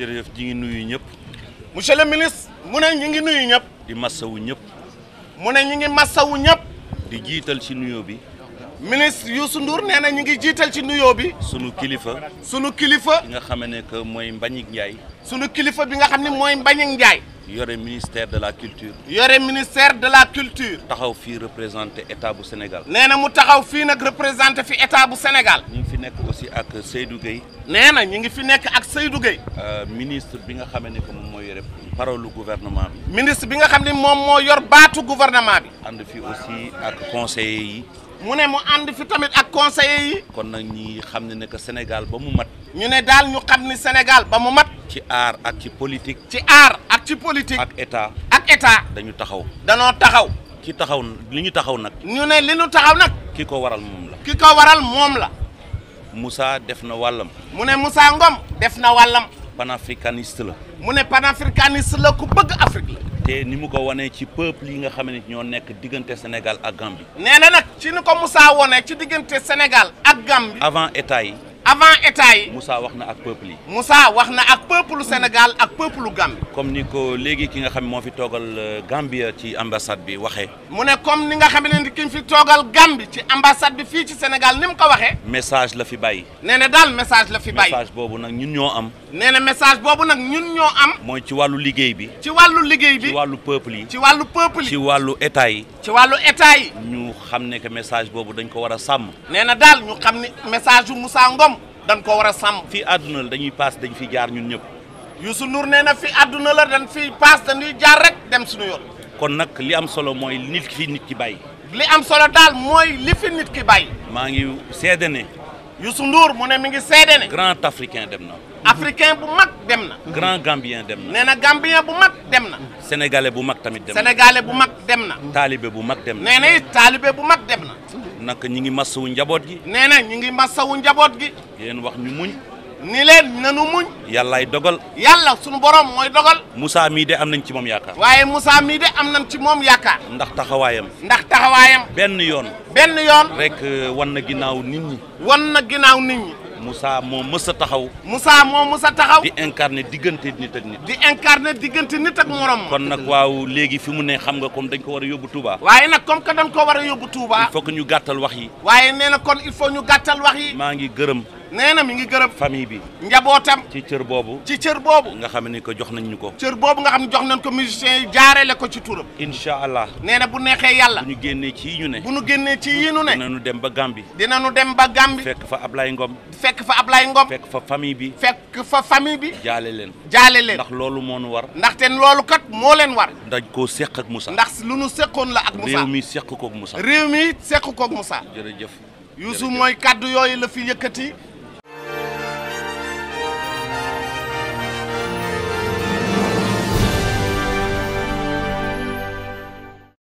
jërëjëf ji ngi nuyu ñëpp. monsieur le ministre mu ne ñi ngi nuyu ñëpp. di massawu ñëpp. mu ne ñi ngi massawu ñëpp. di jiital ci nuyoo bi. ministre Youssou Ndour nee na ñi ngi jiital ci nuyoo bi. sunu kilifa. sunu kilifa. bi nga xam ne que mooy Mbagnick Ndiaye. sunu kilifa bi nga xam ne mooy Mbagnick Ndiaye. yore ministère de la culture. yore ministère de la culture. taxaw fii représenté état bu Sénégal. nee na mu taxaw fii nag représenté fi état bu Sénégal. ñu ngi fi nekk aussi ak Seydou Gueye. nee na ñu ngi fi nekk ak Seydou Gueye. Euh, ministre bi nga xam ne que moom moo yore parole gouvernement bi. ministre bi nga xam ne moom moo yor baatu gouvernement bi. ànd fi aussi ak conseillers yi. mu ne mu ànd fi tamit ak conseillers yi. kon nag ñi xam ne ne que Sénégal ba mu mat. ñu ne daal ñu xam ni Sénégal ba mu mat. ci aar ak ci politique. ci aar ak ci politique. ak état ak état. dañu taxaw. danoo taxaw. ki taxaw li ñu taxaw nag. ñu ne li ñu taxaw nag. ki ko waral moom la. ki ko waral moom la. Moussa def na wallam mu ne Moussa Ngom def na wàllam. panafricaniste la. mu ne panafricaniste la ku bëgg Afrique la. te ni mu ko wanee ci peuple yi nga xam ne ñoo nekk diggante Sénégal ak gambi nee na nag ci ni ko Moussa wonee ci diggante Sénégal ak Gambie. avant état yi. avant état yi. Moussa wax na ak peuple yi. Moussa wax na ak peuple Sénégal ak peuple Gambie. comme ni ko léegi ki nga xam moo fi toogal euh, Gambia ci ambassade bi waxee. mu ne comme ni nga xam ne ki fi toogal Gambie ci ambassade bi fii ci Sénégal ni mu ko waxee. message la fi bàyyi. nee na daal message la fi bàyyi. message boobu nag ñun ñoo am. nee na message boobu nag ñun ñoo am. mooy ci wàllu liggéey bi. ci wàllu liggéey bi ci wàllu peuple yi. ci wàllu peuple yi wàllu état yi. ci wàllu état yi. ñu xam ne que message boobu dañ ko war a sàmm. nee na daal ñu xam ne message yu Moussa Ngom dañ ko war a sàmm. fii àdduna la dañuy paas dañ fi jaar ñun ñëpp. Youssou Ndour nee na fii àdduna la dañ fi paas dañuy jaar rek dem suñu yoon. kon nag li am solo mooy nit ki nit ki bàyyi. li am solo daal mooy li fi nit ki bàyyi. maa ngi seede ne. Youssou Ndour mu ne mi ngi seede ne. grand africain dem na. africain bu mag dem na. grand gambien dem na. nee na gambien bu mag dem na. sénégalais bu mag tamit dem na. sénégalais bu mag dem na. taalibe bu mag dem na. nee na it taalibe bu mag dem na. naka ñi ngi masawu njaboot gi. nee na ñi ngi masawu njaboot gi. yéen wax ñu muñ. ni leen nanu muñ. yàllaay dogal. yàlla sunu borom mooy dogal. Moussa mii de am nañ ci moom yaakaar. waaye Moussa mii de am nañ ci moom yaakaar. ndax taxawaayam. ndax taxawaayam. benn yoon. benn yoon. rek euh, wan na ginnaaw nit ñi. wan na ginnaaw nit ñi. musa moo mës a taxaw. Moussa moo mës a taxaw. di incarner diggante nit ak nit. di incarner diggante nit ak morom. kon nag waaw léegi fi mu ne xam nga comme dañ ko war a yóbbu Touba. waaye nag comme que dañ ko war a yóbbu Touba. il faut ñu gàttal wax yi. waaye nee na kon il faut ñu gàttal wax yi. maa ngi gërëm. nee na mi ngi gërëm famille bi njabootam ci cër boobu ci cër boobu nga xam ne ko jox nañ ñu ko cër boobu nga xam ne jox nañ ko musiciens yi jaarale ko ci turam incha allah nee na bu neexee yàlla bu ñu génnee ci yi ñu ne bu nu génnee ci yi ñu ne dinañu dem ba Gambie nu dem ba Gambie fekk fa Ablaye Ngom fekk fa Ablaye Ngom fekk fa famille bi fekk fa famille bi jaale leen jaale leen ndax loolu moo nu war ndaxte loolu kat moo leen war dañ koo séq ak Moussa ndax lu nu sekkoon la ak Moussa réew mi séq koog réew mi séq koog Moussa jërëjëf Youssou mooy kaddu yooyu la fi yëkkati